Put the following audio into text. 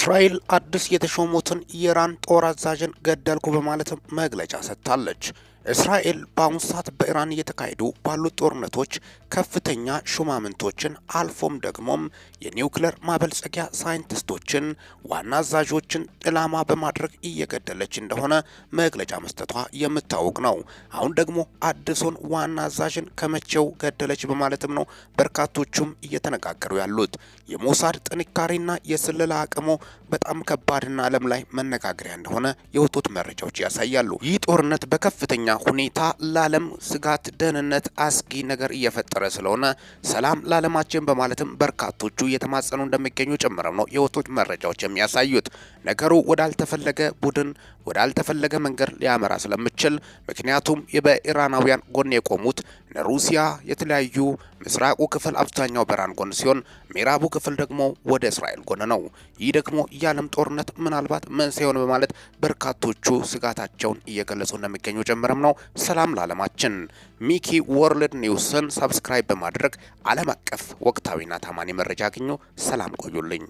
እስራኤል አዲስ የተሾሙትን የኢራን ጦር አዛዥን ገደልኩ በማለትም መግለጫ ሰጥታለች። እስራኤል በአሁኑ ሰዓት በኢራን እየተካሄዱ ባሉት ጦርነቶች ከፍተኛ ሹማምንቶችን አልፎም ደግሞም የኒውክሌር ማበልጸጊያ ሳይንቲስቶችን ዋና አዛዦችን ጥላማ በማድረግ እየገደለች እንደሆነ መግለጫ መስጠቷ የምታወቅ ነው። አሁን ደግሞ አዲሱን ዋና አዛዥን ከመቼው ገደለች በማለትም ነው በርካቶቹም እየተነጋገሩ ያሉት። የሞሳድ ጥንካሬና የስለላ አቅሙ በጣም ከባድና ዓለም ላይ መነጋገሪያ እንደሆነ የወጡት መረጃዎች ያሳያሉ። ይህ ጦርነት በከፍተኛ ሁኔታ ለዓለም ስጋት፣ ደህንነት አስጊ ነገር እየፈጠረ ስለሆነ ሰላም ለዓለማችን በማለትም በርካቶቹ እየተማጸኑ እንደሚገኙ ጭምርም ነው የወጡት መረጃዎች የሚያሳዩት። ነገሩ ወዳልተፈለገ ቡድን ወዳልተፈለገ መንገድ ሊያመራ ስለሚችል ምክንያቱም በኢራናውያን ጎን የቆሙት ሩሲያ የተለያዩ ምስራቁ ክፍል አብዛኛው በኢራን ጎን ሲሆን ምዕራቡ ክፍል ደግሞ ወደ እስራኤል ጎን ነው። ይህ ደግሞ የዓለም ጦርነት ምናልባት መንስኤ ይሆን በማለት በርካቶቹ ስጋታቸውን እየገለጹ እንደሚገኙ ጭምርም ነው። ሰላም ለዓለማችን። ሚኪ ወርልድ ኒውስን ሰብስክራይብ በማድረግ ዓለም አቀፍ ወቅታዊና ታማኒ መረጃ አግኙ። ሰላም ቆዩልኝ።